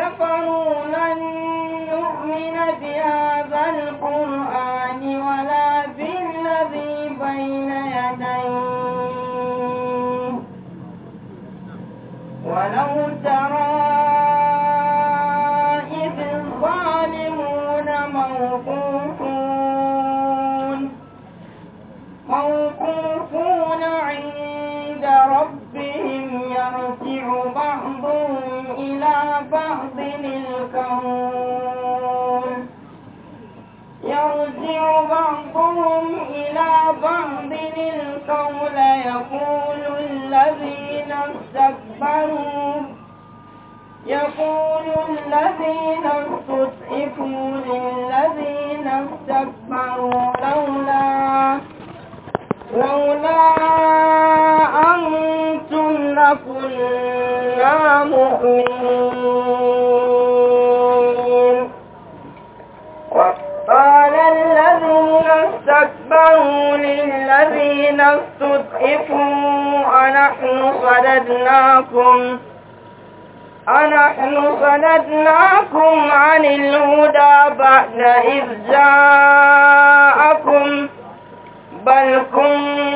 كفروا لن نؤمن بآياتنا يقول الذين استكبروا يقول الذين استضعفوا للذين استكبروا لولا لولا أنتم لكنا مؤمنين وقال الذين استكبروا ربهم للذين استضعفوا أنحن صددناكم أنحن صددناكم عن الهدى بعد إذ جاءكم بل كنتم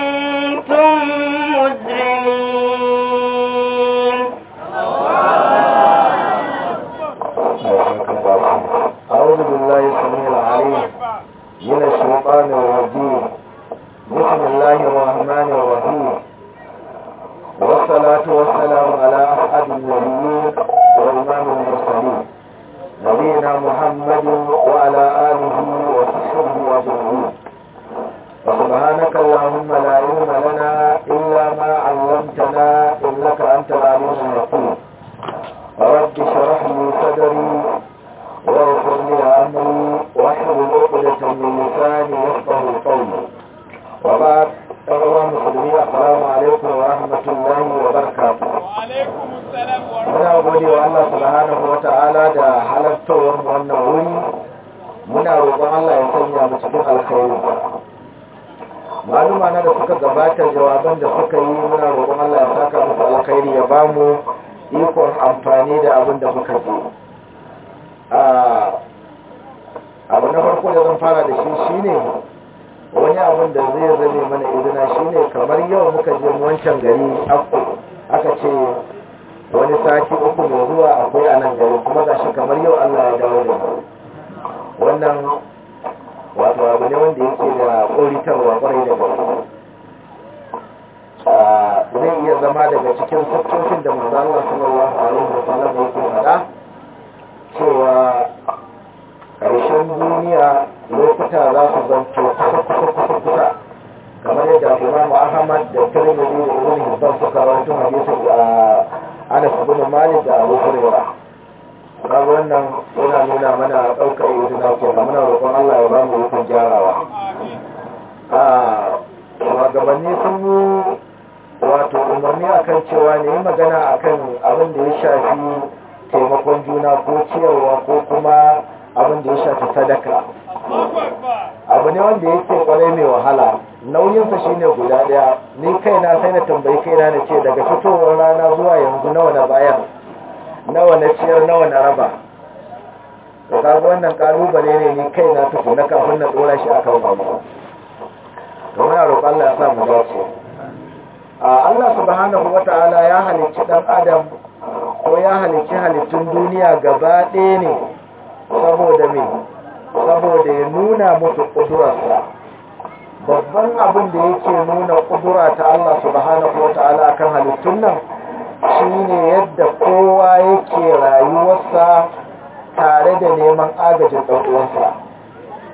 abu na farko da zan fara da shi shi ne wani abin da zai zane mana izina shi ne kamar yau muka je wancan gari aka ce wani sati uku mai zuwa akwai a nan gari kuma ga shi kamar yau allah ya dawo da wannan wato abu ne wanda yake da ƙoritarwa ƙwarai da gaske zai iya zama daga cikin sassofin da manzo a sallallahu alaihi wa ya ke faɗa cewa ƙarshen duniya lokuta za su zanto kusa-kusa kusa kamar yadda kuma ahmad da tirmidhi da ibn hibban suka jesu a ana su ibn malik da abu hurairah kaga wannan yana nuna mana ɗaukar nake ke muna roƙon allah ya bamu rufin gyarawa gabanni sun yi wato umarni akan cewa ne yi magana akan abin da ya shafi taimakon juna ko ciyarwa ko kuma abin da ya shafi sadaka abu ne wanda ya yake kwarai mai wahala nauyinsa shine guda daya ni kaina sai na tambayi kaina na ce daga fitowar rana zuwa yanzu nawa na bayan nawa na ciyar nawa na raba da kaga wannan kalubale ne ni kaina tuku na kafin na dora shi akan babu to muna roƙon Allah ya sa mu dace Allah subhanahu wataala ya halicci dan adam ko ya halicci halittun duniya gaba ɗaya ne saboda mai saboda ya nuna musu ƙudurarsa babban abin da yake nuna ƙudura ta Allah subhanahu wa ta'ala kan halittun nan shi ne yadda kowa yake rayuwarsa tare da neman agajin ɗan'uwansa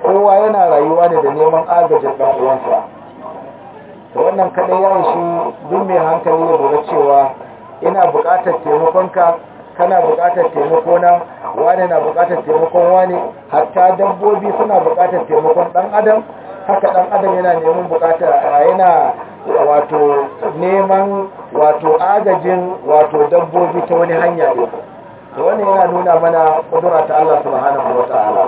kowa yana rayuwa ne da neman agajin ɗan'uwansa wannan kaɗai ya shi duk mai hankali ya cewa ina buƙatar taimakonka kana buƙatar taimako na wani na buƙatar taimakon wani hatta dabbobi suna buƙatar taimakon ɗan adam haka ɗan adam yana neman buƙatar yana wato neman wato agajin wato dabbobi ta wani hanya ne to wannan yana nuna mana kudura ta Allah subhanahu wataala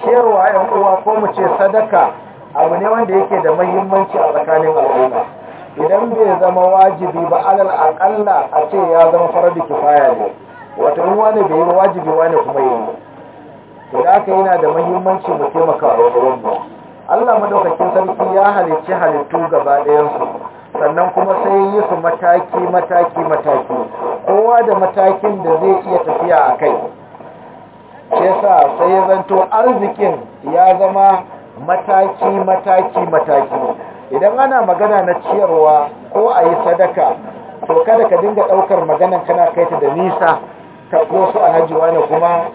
ciyarwa 'yan uwa ko mu ce sadaka abu ne wanda yake da mahimmanci a tsakanin al'umma idan bai zama wajibi ba alal akalla a ce ya zama farar da kifaya ne wata in wani bai yi wajibi wani kuma yi to da aka yana da mahimmanci mu taimaka wurin ruwanmu Allah madaukakin sarki ya halicci halittu gaba ɗayansu sannan kuma sai yi su mataki mataki mataki kowa da matakin da zai iya tafiya a kai ke sa sai ya zanto arzikin ya zama mataki mataki mataki idan ana magana na ciyarwa ko a yi sadaka to kada ka dinga ɗaukar maganan kana kai ta da nisa ka ko su alhaji wani kuma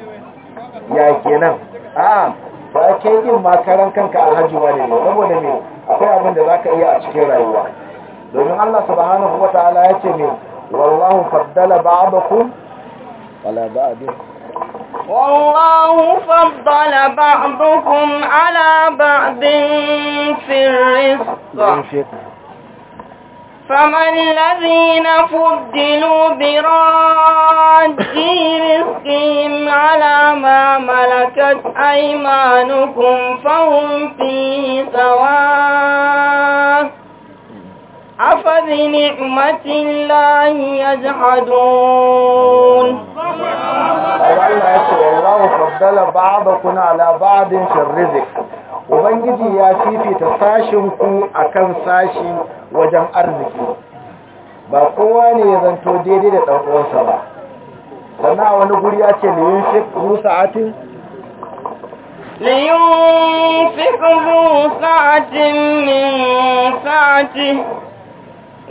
ya kenan a ba ke yin makaran kanka a wani ne saboda me akwai abin da za iya a cikin rayuwa domin allah subhanahu wa ta'ala ya ce ne wallahu faddala ba'dakum wala ba'dikum والله فضل بعضكم على بعض في الرزق فما الذين فضلوا براد رزقهم على ما ملكت أيمانكم فهم فيه سواء أفبنعمة الله يجحدون الله فضل بعضكم على بعض في الرزق Ubangiji ya fifita sashinku a kan sashi wajen arziki, ba kowa ne ya zanto daidai da ɗan'uwansa ba, sannan a wani guri ya ce yin fi rusa atin من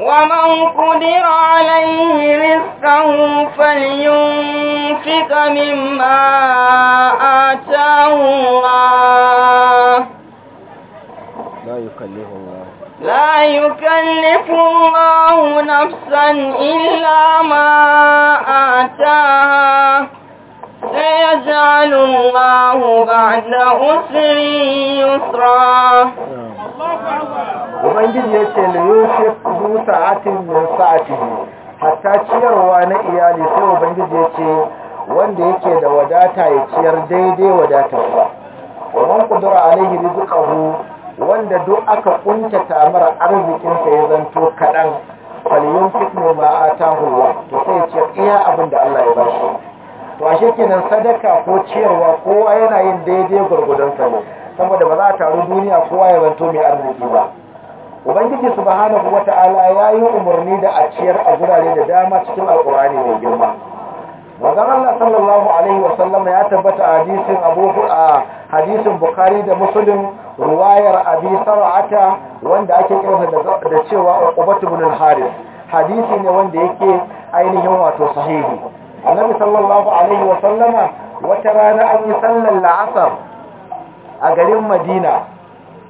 ومن قدر عليه رزقه فلينفق مما آتاه الله لا يكلف الله لا يكلف الله نفسا إلا ما آتاها سيجعل الله بعد أسر يسرا نعم. الله ubangiji ya ce la yusuf zu sa'atin da sa'atihi hatta ciyarwa na iyali sai ubangiji ya ce wanda yake da wadata ya ciyar daidai wadatarsa wannan kudura alaihi rizqahu wanda duk aka kuntata tamar arzikinsa ya zanto kaɗan faliyon fitne ma a tahowa to sai ya ciyar iya abin Allah ya bashi to ashe kenan sadaka ko ciyarwa kowa yana yin daidai gwargwadonsa ne saboda ba za a taru duniya kowa ya zanto mai arziki ba ubangiji subhanahu wata'ala ya yi umarni da a ciyar a gurare da dama cikin Alƙurani mai girma manzon Allah sallallahu alaihi wasallam ya tabbata a hadisin Abu a hadisin Bukhari da Muslim ruwayar Abi Sar'ata wanda ake kirsa da cewa Ubat ibn al Haris, hadisi ne wanda yake ainihin wato sahihi Annabi sallallahu alaihi wasallama wata rana an yi sallar la'asar a garin Madina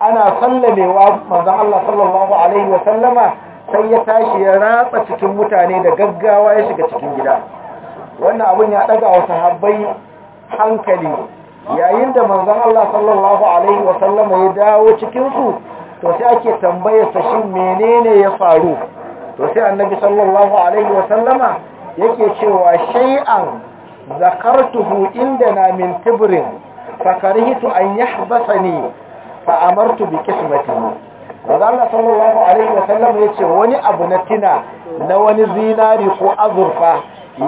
ana sallamewa manzon Allah sallallahu alaihi wa sallama sai ya tashi ya ratsa cikin mutane da gaggawa ya shiga cikin gida wannan abun ya daga wa sahabbai hankali yayin da manzon Allah sallallahu alaihi wa sallama ya dawo cikin su to sai ake tambayar sa shin menene ya faru to sai annabi sallallahu alaihi wa sallama yake cewa shay'an zakartuhu indana min tibrin fakarhitu an yahbasani fa amartu bi kismati wanda Allah sallallahu alaihi wasallam yace wani abu na tina na wani zinari ko azurfa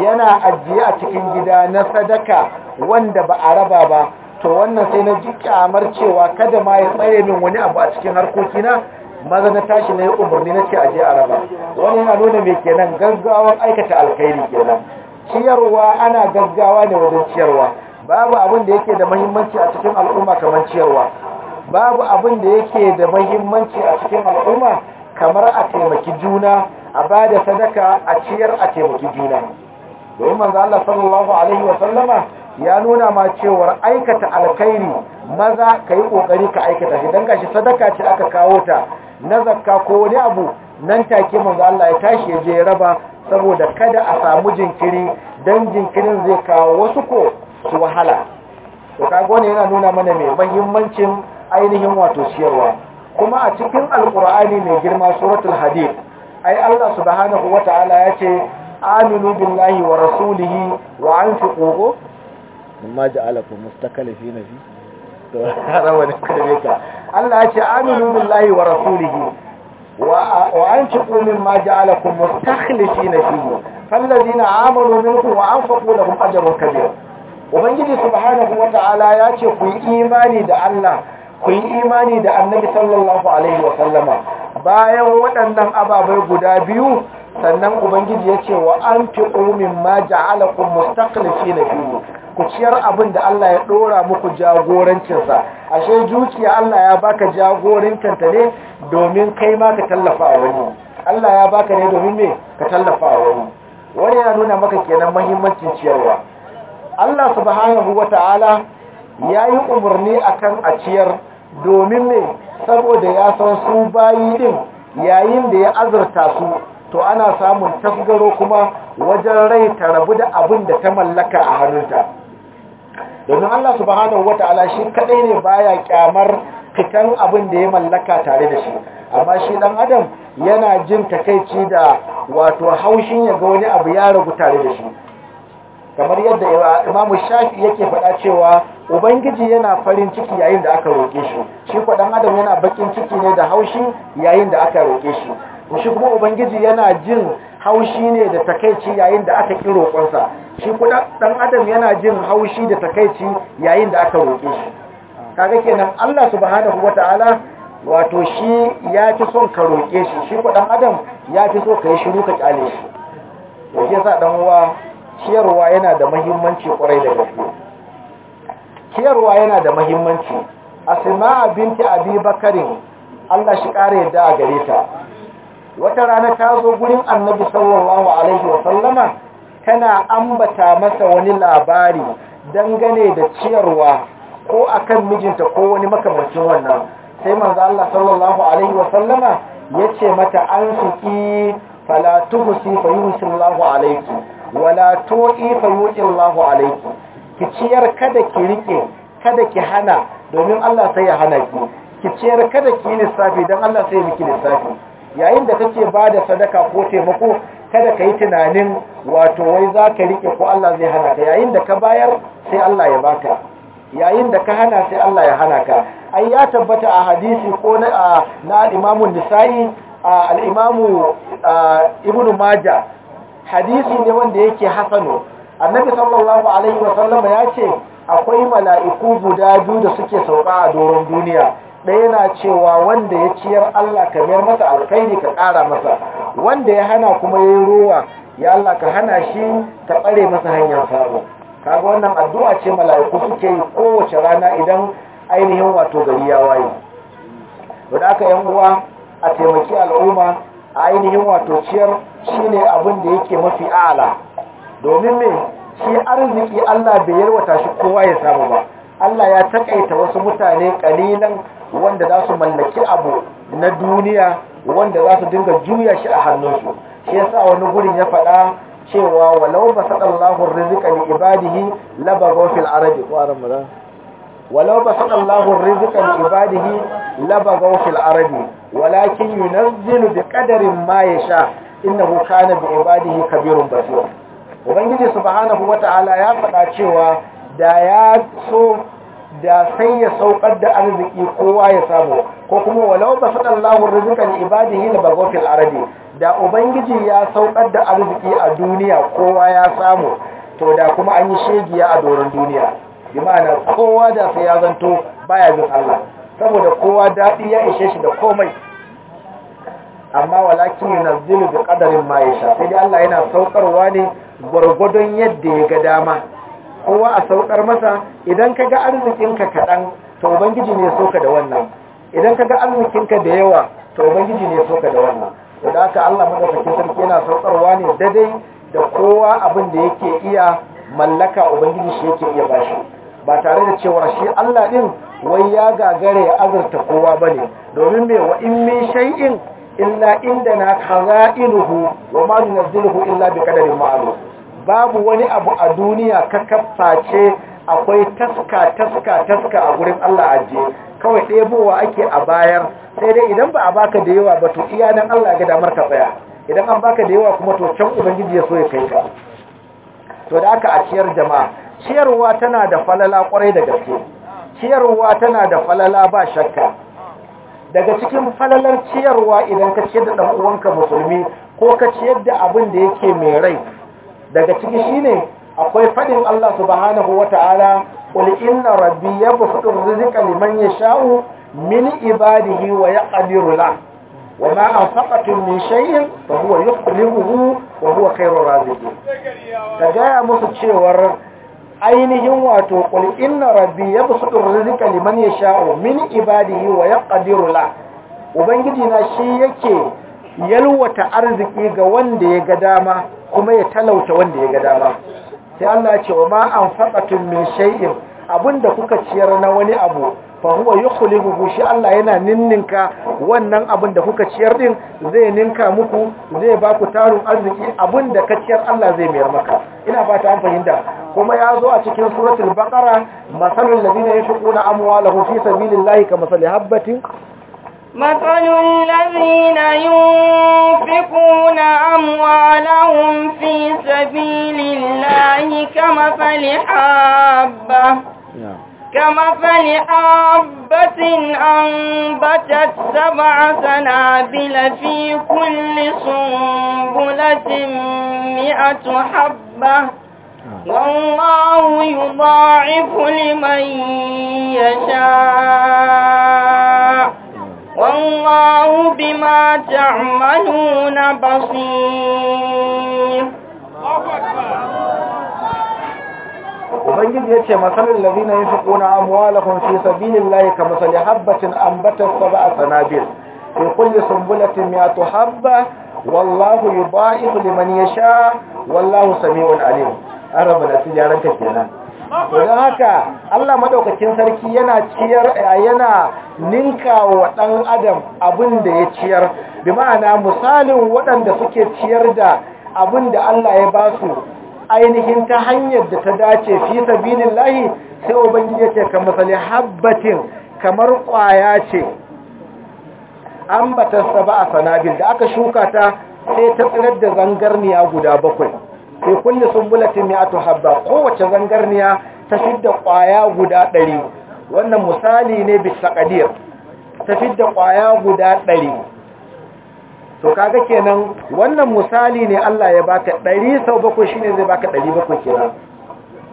yana ajiye a cikin gida na sadaka wanda ba a raba ba to wannan sai na ji kyamar cewa kada ma ya tsare min wani abu a cikin harkokina maza na tashi na yi umarni na ce ajiye a raba wani yana nuna mai kenan gaggawar aikata alkhairi kenan ciyarwa ana gaggawa ne wajen ciyarwa babu abin da yake da mahimmanci a cikin al'umma kamar ciyarwa babu abin da yake da mahimmanci a cikin al'umma kamar a taimaki juna a ba da sadaka a ciyar a taimaki juna domin manzo Allah sallallahu alaihi wa sallama ya nuna ma cewa aikata alkhairi maza ka yi kokari ka aikata shi dan gashi sadaka ce aka kawo ta na zakka ko wani abu nan take manzo Allah ya tashi ya je raba saboda kada a samu jinkiri dan jinkirin zai kawo wasu ko su wahala to kaga wannan yana nuna mana mai mahimmancin. ainihin wato siyarwa kuma a cikin alkur'ani mai girma suratul hadid ai Allah subhanahu wata'ala ya ce aminu billahi wa rasulihi wa anfiqu mimma ja'alakum mustakalifina fi to harawa ne kare ka Allah ya ce aminu billahi wa rasulihi wa anfiqu mimma ja'alakum mustakhlifina fihi fallazina amanu minkum wa anfaqu lahum ajrun kabir ubangiji subhanahu wata'ala ya ce ku yi imani da Allah ku yi imani da annabi sallallahu alaihi wa sallama. bayan waɗannan ababai guda biyu sannan ubangiji ya ce wa an fi umin ma ku mustaqlifi na biyu ku ciyar abin da Allah ya ɗora muku jagorancinsa ashe zuciya Allah ya baka jagorancinta ne domin kai ma ka tallafa a wani Allah ya baka ne domin me ka tallafa a wani wani ya nuna maka kenan mahimmancin ciyarwa Allah subhanahu wata'ala ya yi umarni akan a ciyar domin me saboda ya san su bayi din yayin da ya azurta su to ana samun tafgaro kuma wajen rai ta rabu da abin da ta mallaka a hannunta domin Allah subhanahu wata'ala shi kadai ne baya kyamar fitan abin da ya mallaka tare da shi amma shi dan adam yana jin takaici da wato haushin ya ga wani abu ya ragu tare da shi kamar yadda imamu Shafi yake faɗa cewa ubangiji yana farin ciki yayin da aka roƙe shi shi kwaɗan adam yana bakin ciki ne da haushi yayin da aka roƙe shi shi kuma ubangiji yana jin haushi ne da takaici yayin da aka ƙi roƙonsa shi kwaɗan adam yana jin haushi da takaici yayin da aka roƙe shi kaga kenan Allah subhanahu ta'ala wato shi ya fi son ka roƙe shi shi kwaɗan adam ya fi so ka yi shiru ka ƙyale shi ɗan uwa ciyarwa yana da muhimmanci ƙwarai da gaske ciyarwa yana da mahimmanci asma binti abi bakarin Allah shi kare yadda a gare ta wata rana ta zo gurin annabi sallallahu alaihi wa sallama tana ambata masa wani labari dangane da ciyarwa ko akan mijinta ko wani makamancin wannan sai manzo Allah sallallahu alaihi wa sallama yace mata an fiki fala tuhsi fa yusillahu alaihi, wala tu'i fa ki ciyar kada ki rike kada ki hana domin Allah sai ya hana ki ki ciyar kada ki yi lissafi don Allah sai ya miki lissafi yayin da kake ba da sadaka ko taimako kada ka yi tunanin wato wai za ka rike ko Allah zai hana ka yayin da ka bayar sai Allah ya baka yayin da ka hana sai Allah ya hana ka ai ya tabbata a hadisi ko na al-imamun imamu nisa'i imamu ibn majah hadisi ne wanda yake hasanu annabi sallallahu alaihi wasallam ya ce akwai mala'iku guda biyu da suke sauka a doron duniya ɗaya na cewa wanda ya ciyar Allah ka mayar masa alkhairi ka ƙara masa wanda ya hana kuma ya yi rowa ya Allah ka hana shi ka tsare masa hanyar sabo kaga wannan addu'a ce mala'iku suke yi kowace rana idan ainihin wato gari ya waye wadda aka yan uwa a taimaki al'umma a ainihin wato ciyar shine abin da yake mafi a'ala domin me shi arziki Allah bai yarwata shi kowa ya samu ba Allah ya takaita wasu mutane kalilan wanda za su mallaki abu na duniya wanda za su dinga juya shi a hannunsu shi yasa wani gurin ya faɗa cewa walau basadallahu rizqa li ibadihi labaghaw fil ardi ولو بسط الله الرزق لعباده لبغوا في الأرض ولكن ينزل بقدر ما يشاء إنه كان ibadihi ubangiji subhanahu wata'ala ya faɗa cewa da ya so da sai ya saukar da arziki kowa ya samu ko kuma walau ba sadan lahun rizikan ibadihi na bagofil arabi da ubangiji ya sauƙar da arziki a duniya kowa ya samu to da kuma an yi shegiya a doron duniya bi kowa da sai ya zanto baya bin Allah saboda kowa daɗi ya ishe shi da komai amma walakin yanzilu da ƙadarin ma sai dai Allah yana saukarwa ne gwargwadon yadda ya ga dama kowa a saukar masa idan ka ga arzikinka kaɗan to ubangiji ne soka da wannan idan ka ga arzikinka da yawa to ubangiji ne soka da wannan da aka Allah madaukakin sarki yana saukarwa ne daidai da kowa abin da yake iya mallaka ubangiji shi yake iya bashi ba tare da cewa shi Allah din wai ya gagare azurta kowa bane domin me wa in min shay'in illa indana khaza'inuhu wa ma nunzilu illa bi qadarin ma'lum babu wani abu a duniya ka kaface akwai taska taska taska a gurin Allah ajiye kawai ɗebowa ake a bayar sai dai idan ba a baka da yawa ba to iya nan Allah ga damar ka tsaya idan an baka da yawa kuma to can ubangiji ya so ya kai ka to da aka a ciyar jama'a ciyarwa tana da falala kwarai da gaske ciyarwa tana da falala ba shakka daga cikin falalar ciyarwa idan ka ciyar da ɗan uwanka musulmi ko ka ciyar da abin da yake mai rai daga ciki shine akwai fadin Allah subhanahu wata'ala qul inna rabbi yabsutu rizqa liman yasha'u min ibadihi wa yaqdiru la wa ma anfaqtum min shay'in fa huwa yukhlifuhu wa huwa khairur raziqin ya musu cewar ainihin wato qul inna rabbi yabsutu rizqa liman yasha'u min ibadihi wa yaqdiru la ubangiji na shi yake yalwata arziki ga wanda ya ga dama kuma ya talauta wanda ya ga dama sai Allah ce wa ma anfaqatum min shay'in abinda kuka ciyar na wani abu fa huwa yukhlifu shi Allah yana ninninka wannan abin da kuka ciyar din zai ninka muku zai ba ku tarin arziki abinda da ka ciyar Allah zai mayar maka ina fata an da kuma ya zo a cikin suratul baqara masalul ladina yashquna amwalahum fi sabilillahi kamasali habatin مثل الذين ينفقون أموالهم في سبيل الله كمثل حبة نعم. كمثل حبة أنبتت سبع سنابل في كل سنبلة مئة حبة نعم. والله يضاعف لمن يشاء والله بما تعملون بصير ubangiji ya ce masalin lalina yin fiƙuna amwalahun fi sabilin layi ka masali habbatin ambatar saba a sanabil fi kulli sumbulatin miyatu habba wallahu yi ba'ifu liman ya sha wallahu sami'un alim an rabu da su yaran kenan don haka Allah maɗaukakin sarki yana ciyar yana ninka wa ɗan adam abin da ya ciyar bi ma'ana misalin waɗanda suke ciyar da abin da Allah ya ba su ainihin ta hanyar da ta dace fi lahi, sai ubangiji ya ce ka misali habbatin kamar ƙwaya ce an batarsa ba a sanabil da aka shuka ta sai ta tsirar da zangarniya guda bakwai fi kulli sumbulatin mi'atu habba kowace zangarniya ta fidda ƙwaya guda ɗari. wannan misali ne bisa qadir ta fidda ƙwaya guda ɗari. to kaga kenan wannan misali ne Allah ya baka 100 sau bakwai shine zai baka bakwai kenan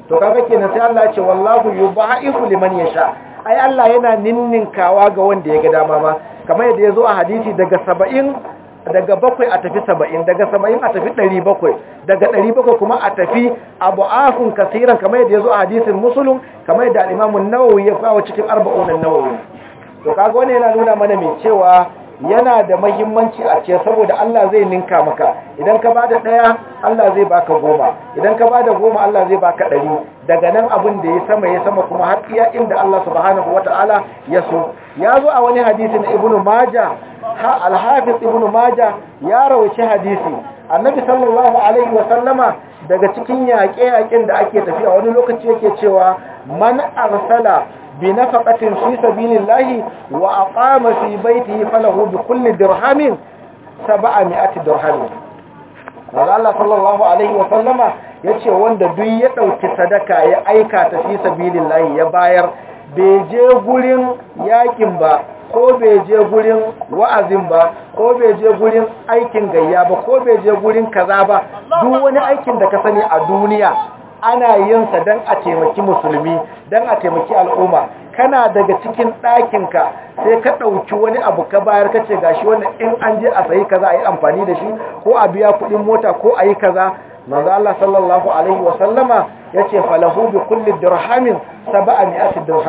to kaga kenan sai Allah ya ce wallahu yubaifu liman yasha ai Allah yana ninninkawa ga wanda ya ga dama ma kamar yadda yazo a hadisi daga 70 daga bakwai a tafi saba'in daga saba'in a tafi ɗari bakwai daga ɗari bakwai kuma a tafi abu ahun kasiran kamar yadda ya zo a hadisin musulun kamar yadda alimamun nawawi ya fawo cikin arba'unan nawawi to kaga wani yana nuna mana mai cewa yana da mahimmanci a ce saboda Allah zai ninka maka idan ka bada daya Allah zai baka goma idan ka bada goma Allah zai baka dari daga nan abin da ya sama ya sama kuma har iya inda Allah subhanahu wataala ya so ya zo a wani hadisi na Ibn majah ha al-hafiz ibnu majah ya rawaci hadisi annabi sallallahu alaihi wa sallama daga cikin yaƙe-yaƙen da ake tafiya wani lokaci yake cewa man arsala بنفقة في سبيل الله وأقام في بيته فله بكل درهم سبعمائة درهم wanda Allah sallallahu Alaihi wasallama ya ce wanda duk ya ɗauki sadaka ya aika ta fi sabilin ya bayar bai je gurin yakin ba ko bai je gurin wa'azin ba ko bai je gurin aikin gayya ba ko bai je gurin kaza ba duk wani aikin da ka sani a duniya ana yin sa dan a taimaki musulmi dan a taimaki al'umma kana daga cikin ɗakin ka sai ka ɗauki wani abu ka bayar ka ce gashi wannan in an je a sayi kaza a yi amfani da shi ko a biya kuɗin mota ko a yi kaza manzo Allah sallallahu alaihi wa sallama yace falahu bi kulli dirhamin sab'a mi'ati ko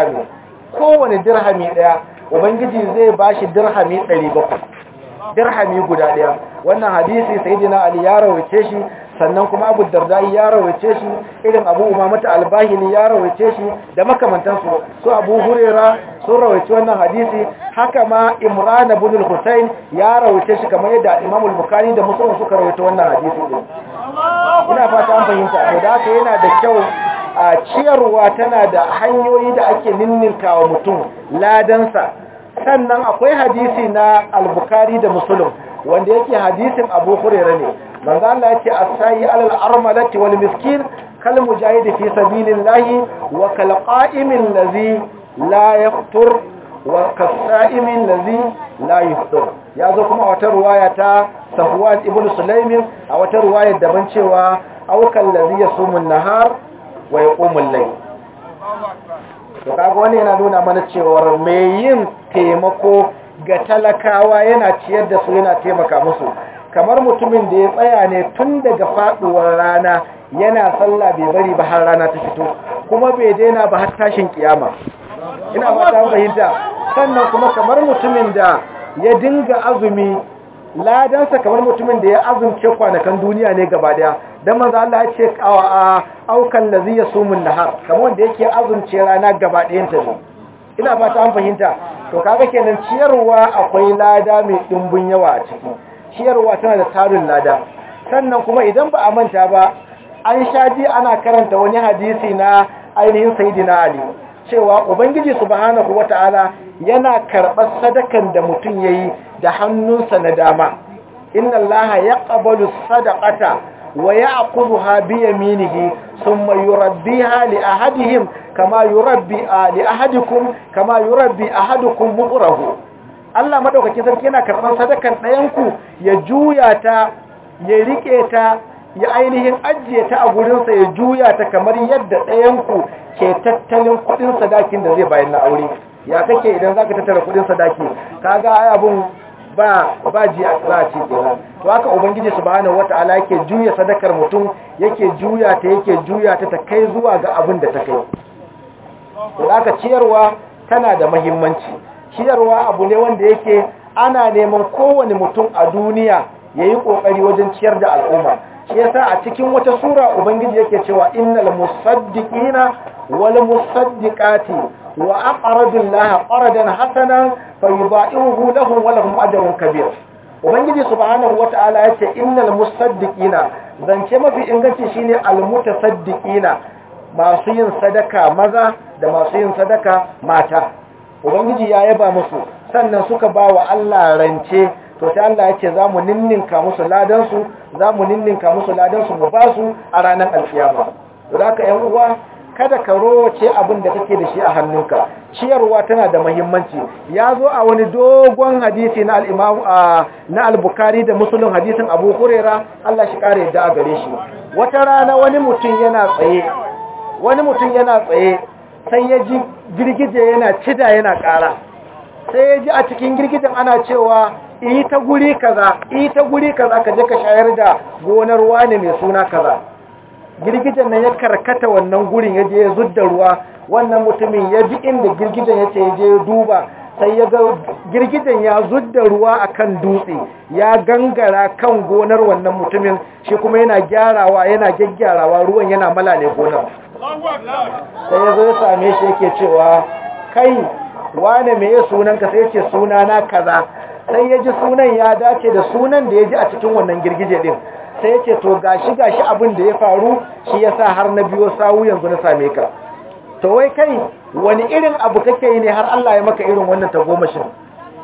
kowane dirhami daya ubangiji zai bashi dirhami 700 dirhami guda daya wannan hadisi sayyidina ali ya rawace shi sannan kuma abu dardai ya rawace shi irin abu umamata albahili ya rawace shi da makamantansu su abu hurera sun rawace wannan hadisi haka ma imran ibn al ya rawace shi kamar yadda imam al-bukhari da muslim suka rawace wannan hadisi ina fata an fahimta to da haka yana da kyau a ciyarwa tana da hanyoyi da ake wa mutum ladansa sannan akwai hadisi na al-bukhari da musulun. wanda yake hadisin abu hurera ne manzo Allah yace asayi alal armalati wal miskin kal mujahid fi sabilillahi wa kal qa'imin ladhi la yaqtur wa kal sa'imin ladhi la yaqtur ya zo kuma wata ruwaya ta sahwat ibn Sulaimin a wata ruwaya daban cewa aw kal ladhi yasumu nahar wa yaqumu al-layl to kaga wani yana nuna mana cewa mai yin taimako ga talakawa yana ciyar da su yana taimaka musu kamar mutumin da ya tsaya ne tun daga faduwar rana yana sallah bai bari ba har rana ta fito kuma bai daina ba har tashin kiyama ina fata fahimta sannan kuma kamar mutumin da ya dinga azumi ladansa kamar mutumin da ya azumce kwanakan duniya ne gaba daya dan manzo Allah ya ce aukan lazi yasumun nahar kamar wanda yake azumce rana gaba ta ne ina fata ta fahimta to kaga kenan ciyarwa akwai lada mai dumbun yawa a ciki ciyarwa tana da tarin lada sannan kuma idan ba a manta ba an shaji ana karanta wani hadisi na ainihin sayidina ali cewa ubangiji subhanahu wata'ala yana karɓar sadakan da mutum yayi da hannunsa na dama inna allaha yaqbalu sadaqata wa ya bi yaminihi thumma yurabbiha li ahadihim kama yurabbi li ahadikum kama yurabbi ahadukum muqrahu Allah madaukakin sarki yana karɓar sadakan ɗayanku ya juya ta ya rike ta ya ainihin ajiye ta a gurinsa ya juya ta kamar yadda ɗayanku ke tattalin kuɗin sadakin da zai bayan na aure ya kake idan za ka tattara kuɗin sadaki ka ga ai abin ba ba ji za a ce kenan to haka ubangiji subhanahu wata'ala yake juya sadakar mutum yake juya ta yake juya ta ta kai zuwa ga abin da ta kai to ka ciyarwa tana da muhimmanci ciyarwa abu ne wanda yake ana neman kowane mutum a duniya ya yi ƙoƙari wajen ciyar da al'umma shi yasa a cikin wata sura ubangiji yake cewa innal musaddiqina wal musaddiqati wa aqradu llaha qaradan hasanan fayudaihu lahum wa lahum ajrun kabir ubangiji subhanahu wataala yace innal musaddiqina zance mafi inganci shine al mutasaddiqina masu yin sadaka maza da masu yin sadaka mata ubangiji ya yaba musu sannan suka ba wa Allah rance to sai Allah ya ce za mu ninninka musu ladansu za mu ninninka musu ladansu mu ba su a ranar alfiyama za ka yan uwa kada ka roce abin da kake da shi a hannunka ciyarwa tana da muhimmanci ya zo a wani dogon hadisi na al-imam na al-bukhari da muslim hadisin abu huraira Allah shi kare a gare shi wata rana wani mutum yana tsaye wani mutum yana tsaye sai ya ji girgije yana cida yana ƙara sai ya ji a cikin girgijen ana cewa iyi ta guri kaza iyi ta guri kaza ka je ka shayar da gonar wani mai suna kaza girgijen nan ya karkata wannan gurin ya je ya zudda ruwa wannan mutumin ya ji inda girgijen ya ce ya je ya duba sai ya ga girgijen ya zudda ruwa a kan dutse ya gangara kan gonar wannan mutumin shi kuma yana gyarawa yana gyaggyarawa ruwan yana malale gonar sai ya zo ya same shi yake cewa kai wane me sunan sunanka sai ya ce na kaza sai ya ji sunan ya dace da sunan da ya ji a cikin wannan girgije din sai ya ce to gashi gashi abin da ya faru shi ya sa har na biyo sawu yanzu na same ka to wai kai wani irin abu kake yi ne har Allah ya maka irin wannan tagomashin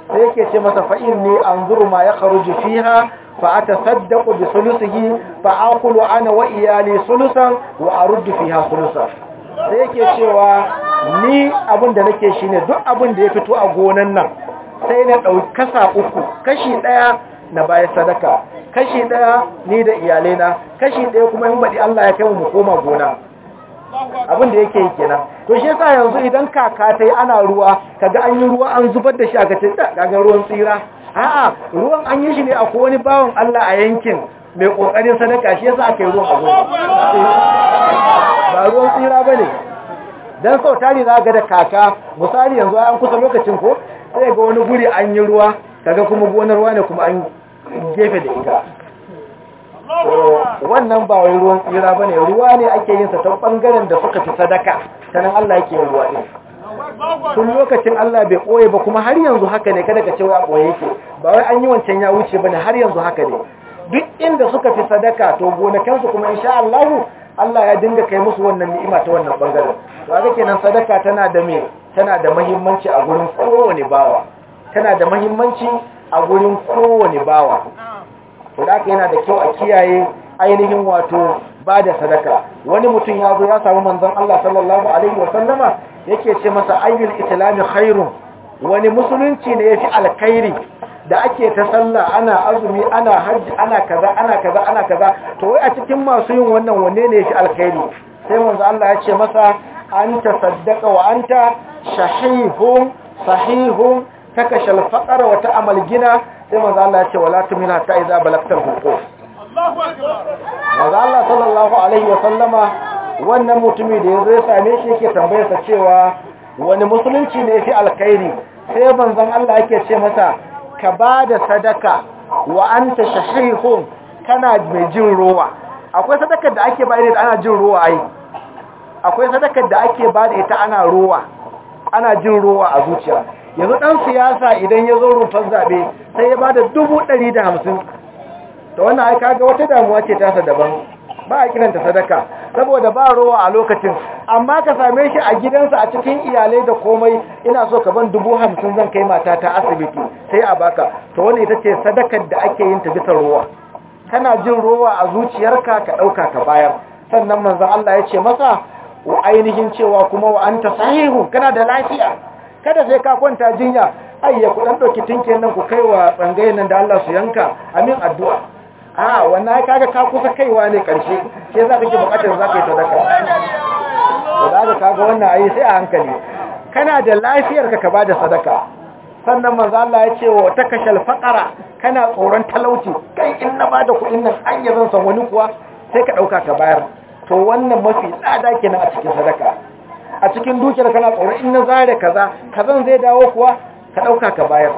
sai yake ce masa fa'in ne an zuru ma ya kharuju fiha fa atasaddaqu bi sulusihi fa aqulu ana wa iyali sulusan wa aruddu fiha sulusan sai yake cewa ni abin da nake shine duk abin da ya fito a gonan nan sai na dauki uku kashi ɗaya na baya sadaka kashi ɗaya ni da na, kashi ɗaya kuma in baɗi Allah ya kai mu koma gona abin da yake yi kenan to shi yasa yanzu idan kaka tai ana ruwa kaga an yi ruwa an zubar da shi a gacin ruwan tsira a'a ruwan an yi shi ne akwai wani bawan Allah a yankin mai ƙoƙarin sadaka shi yasa aka yi ruwan abu ba ruwan tsira bane dan sau tari za ga da kaka misali yanzu an kusa lokacin ko sai ga wani guri an yi ruwa kaga kuma gonar ruwa ne kuma an gefe da ita wannan ba wai ruwan tsira bane ruwa ne ake yinsa sa ta bangaren da suka fi sadaka sanan Allah yake yin ruwa ne tun lokacin Allah bai koye ba kuma har yanzu haka ne kada ka ce wa koye yake ba wai an yi wancan ya wuce bane har yanzu haka ne duk inda suka fi sadaka to su kuma insha Allah Allah ya dinga kai musu wannan ni'ima ta wannan bangaren kaga kenan sadaka tana da me tana da muhimmanci a gurin kowane bawa tana da muhimmanci a gurin kowane bawa to da yana da kyau a kiyaye ainihin wato ba da sadaka wani mutum ya zo ya samu manzon Allah sallallahu alaihi wasallama yake ce masa ayyul islami khairun wani musulunci ne yafi alkhairi da ake ta sallah ana azumi ana hajji ana kaza ana kaza ana kaza to wai a cikin masu yin wannan wanne ne yafi alkhairi sai manzo Allah ya ce masa anta saddaqa wa anta shahihun sahihun takashal faqara wa ta'mal gina sai manzo Allah ya ce wala tumina ta iza balagtal hukum. maza Allah sallallahu alaihi wasallama wannan mutumi da yanzu ya same shi yake tambayarsa cewa wani musulunci ne fi alkhairi sai banzan Allah yake ce masa ka ba da sadaka wa anta shahihun kana mai jin rowa akwai sadakar da ake bada da ana jin rowa ai akwai sadakar da ake ba ita ana rowa ana jin rowa a zuciya yanzu dan siyasa idan ya zo rufar zaɓe, sai ya ba da dubu ɗari da hamsin da wannan ai kaga wata damuwa ce tasa daban ba a kiranta sadaka saboda ba rowa a lokacin amma ka same shi a gidansa a cikin iyalai da komai ina so ka ban dubu hamsin zan kai mata ta asibiti sai a baka to wannan ita ce sadakar da ake yin ta bisa rowa kana jin rowa a zuciyarka ka ɗauka ka bayar sannan manzon Allah ya ce masa wa ainihin cewa kuma wa anta sahihu kana da lafiya kada sai ka kwanta jinya ai ku dan ɗauki tinke nan ku kai wa tsangayen nan da Allah su yanka amin addu'a a wannan ya kaga ka kusa kaiwa ne karshe shi za ka ke bukatar za ka yi sadaka da za ka kaga wannan ayi sai a hankali kana da lafiyar ka ba da sadaka sannan manzo Allah ya ce wa ta kashal faqara kana tsoron talauci kai in na bada kuɗin nan an yi zan san wani kuwa sai ka dauka ka bayar to wannan mafi tsada kenan a cikin sadaka a cikin dukiyar kana tsoron in na zare kaza kazan zai dawo kuwa ka ɗauka ka bayar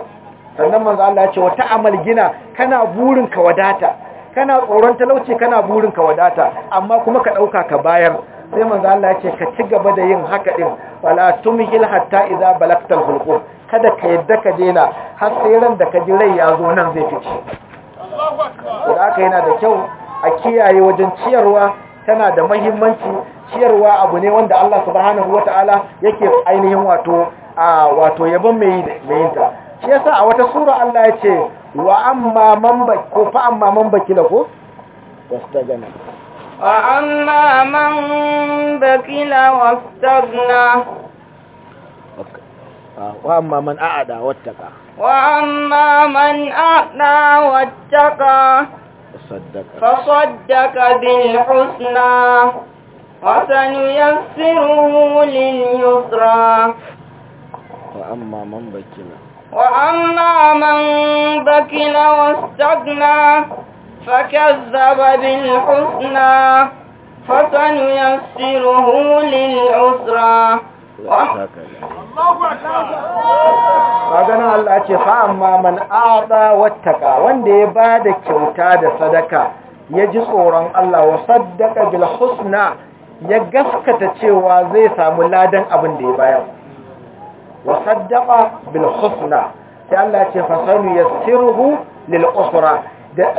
sannan manzo Allah ya ce wa amal gina kana burin ka wadata kana tsoron talauci kana burin ka wadata amma kuma ka dauka ka bayar sai manzo Allah ya ka ci gaba da yin haka din wala tumhil hatta idza balagta alhulqum kada ka yadda ka dena har sai ran da ka ji rai ya zo nan zai fice Allahu akbar haka yana da kyau a kiyaye wajen ciyarwa tana da mahimmanci ciyarwa abu ne wanda Allah subhanahu wataala yake ainihin wato a wato yabon mai mai yinta shi yasa a wata sura Allah ya ce wa amma man ba ko fa amma man baki la ko wastagana wa amma man baki la wastagna wa amma man a'ada wattaka wa amma man a'ada wattaka fasaddaka fasaddaka bil husna وسنيسره لليسرى وأما من بكنا وأما من بكل واستغنى فكذب بالحسنى فسنيسره للعسرى magana Allah ce fa amma man aada wattaka wanda ya ba da kyauta da sadaka ya ji tsoron Allah wa sadaka bil husna ya gaskata cewa zai samu ladan abin da ya bayar وصدق بالحسنى تألا تفصل يسره للأسرة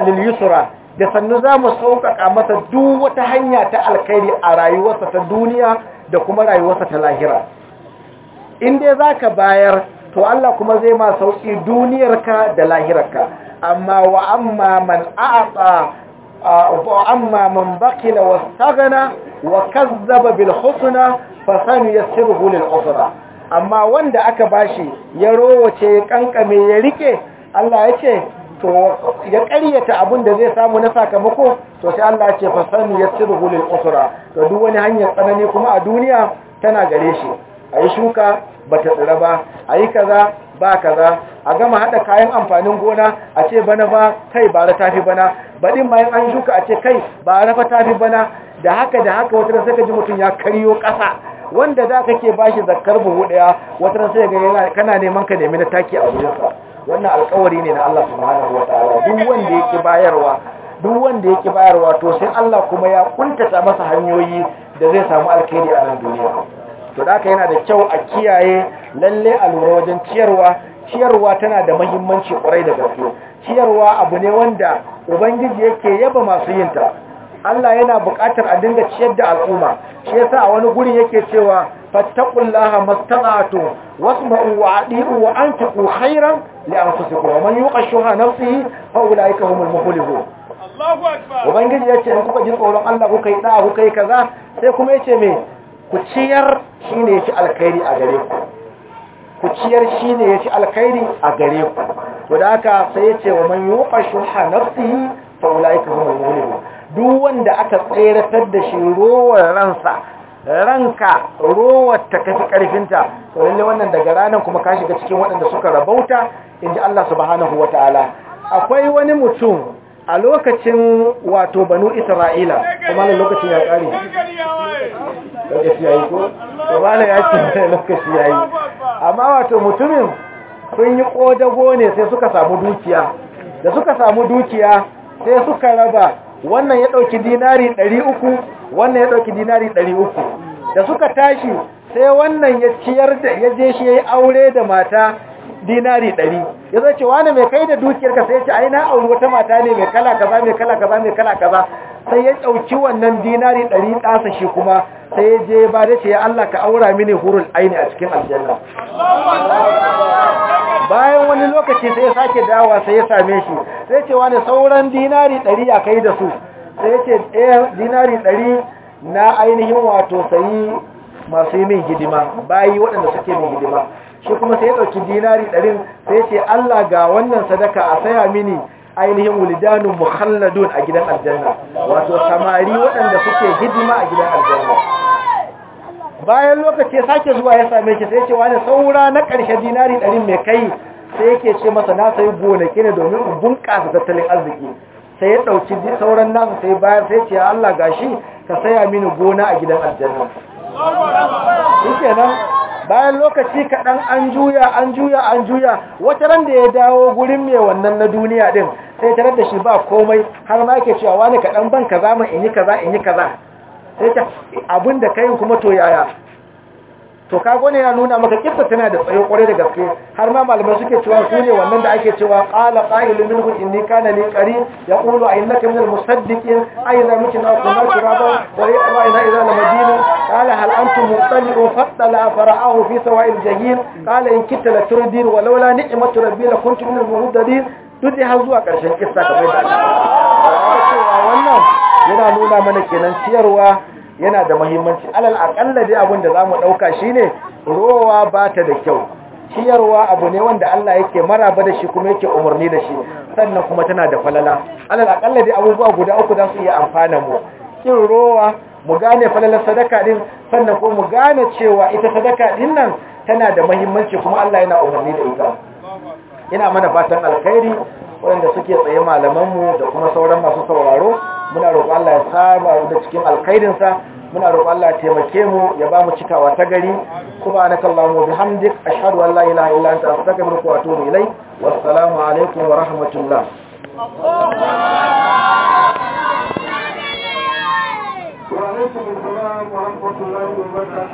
لليسرة دس النظام وصوبك عما تدو وتهنيا تأل كير أراي وسط الدنيا دكما راي وسط الأخرة إن دي ذاك باير تو الله كما زي ما سوئي دوني ركا دلاهي ركا أما وأما من أعطى وأما من بقل واستغنى وكذب بالخصنة فسان يسره للعصرة amma wanda aka bashi ya rowace ya kankame ya rike Allah ya ce to ya ƙaryata abin da zai samu na sakamako to sai Allah ya ce fa sani yasirhu lil usra to duk wani hanyar tsanani kuma a duniya tana gare shi ayi shuka ba ta tsira ba ayi kaza ba kaza a gama haɗa kayan amfanin gona a ce bana ba kai ba ra tafi bana badin ma an shuka a ce kai ba ra fa tafi bana da haka da haka wata ran ka ji mutum ya kariyo ƙasa. wanda da ke bashi zakar buhu daya wata sai ga kana neman ka nemi na taki a sa. wannan alƙawari ne na Allah subhanahu wataala duk wanda yake bayarwa duk wanda yake bayarwa to sai Allah kuma ya kuntata masa hanyoyi da zai samu alkhairi a nan duniya to da yana da kyau a kiyaye lalle a wajen ciyarwa ciyarwa tana da muhimmanci kwarai da gaske ciyarwa abu ne wanda ubangiji yake yaba masu yinta Allah yana buƙatar a dinga ciyar da al'umma shi yasa a wani gurin yake cewa fattaqullaha mastata'tu wasma'u wa adi'u wa anfiqu khairan li anfusikum wa man yuqa shuha nafsihi fa ulaika humul muflihun Allahu akbar ubangiji yace in kuka ji tsoron Allah kuka yi da kuka yi kaza sai kuma yace me ku ciyar shine yace alkhairi a gare ku ku ciyar shine yace alkhairi a gare ku to da haka sai yace wa man yuqa shuha nafsihi fa ulaika humul muflihun duk wanda aka tseratar da shi rowar ransa ranka rowar ta kafi karfinta to lalle wannan daga ranar kuma ka shiga cikin waɗanda suka rabauta inji Allah subhanahu wataala akwai wani mutum a lokacin wato banu isra'ila kuma na lokacin ya ƙare lokaci ya yi ko ya ce lokaci ya yi amma wato mutumin sun yi ƙodago ne sai suka samu dukiya da suka samu dukiya sai suka raba wannan ya ɗauki dinari ɗari uku wannan ya ɗauki dinari ɗari uku da suka tashi sai wannan ya ciyar da ya je shi ya yi aure da mata dinari ɗari ya zai ce wani mai kai da dukiyarka sai ya ce aina auri wata mata ne mai kala kaza mai kala kaza mai kala kaza sai ya ɗauki wannan dinari ɗari ɗasa shi kuma sai ya je ba da ce ya Allah ka aura mini hurul aini a cikin aljanna bayan wani lokaci sai ya sake dawa sai ya same shi sai ce wani sauran dinari ɗari ya kai da su sai ya ce ɗaya eh, dinari ɗari na ainihin wato sayi masu yi min gidima. bayi waɗanda suke min gidima. shi kuma sai ya ɗauki dinari ɗarin sai ce Allah ga wannan sadaka a saya mini ainihin wulidanun muhalladun a gidan aljanna wato samari waɗanda suke hidima a gidan aljanna bayan lokaci ya sake zuwa ya same shi sai ce wani saura na ƙarshe dinari ɗarin mai kai sai yake ce masa na sayi gonaki ne domin bunƙasa tattalin arziki sai ya ɗauki sauran nasu sai bayan sai ce Allah shi ka saya mini gona a gidan aljanna shi kenan bayan lokaci kaɗan an juya an juya an juya wata ran da ya dawo gurin mai wannan na duniya ɗin sai tarar da shi ba komai har ma ke cewa wani kaɗan ban za mu in yi kaza in yi kaza sai ta abin da kayan kuma to yaya to kago ne ya nuna maka kifta tana da tsayo kwarai da gaske har ma malamai suke cewa su ne wannan da ake cewa ƙa'ilu qailun minhum inni kana ƙari. Ya ƙulu a innaka minal musaddiqin ayza na kuma turaba wa yaqra ina na madina مطلع فاطلع فرآه في سواء الجهيل قال إن كنت لتردين ولولا نعمة ربي لكنت من المهددين duk dai har zuwa karshen kissa kamar da منك ينسيروا yana nuna mana kenan ciyarwa yana da muhimmanci alal akalla dai abin da zamu shine rowa ba da kyau ciyarwa abu ne wanda Allah yake maraba da shi kuma yake umarni da shi sannan kuma tana da falala alal akalla dai abubuwa guda uku za su iya amfana mu kin rowa mu gane falalar sadaka din sannan ko mu gane cewa ita sadaka din nan tana da muhimmanci kuma Allah yana umarni da ita ina mana fatan alkhairi wanda suke tsaye malaman mu da kuma sauran masu sauraro muna roƙon Allah ya saba da cikin alkhairin sa muna roƙon Allah ya taimake mu ya ba mu cikawa ta gari subhanakallahumma wa bihamdik ashhadu an la ilaha illa anta astaghfiruka wa atubu ilayk wassalamu alaikum wa rahmatullah وعليكم السلام ورحمة الله وبركاته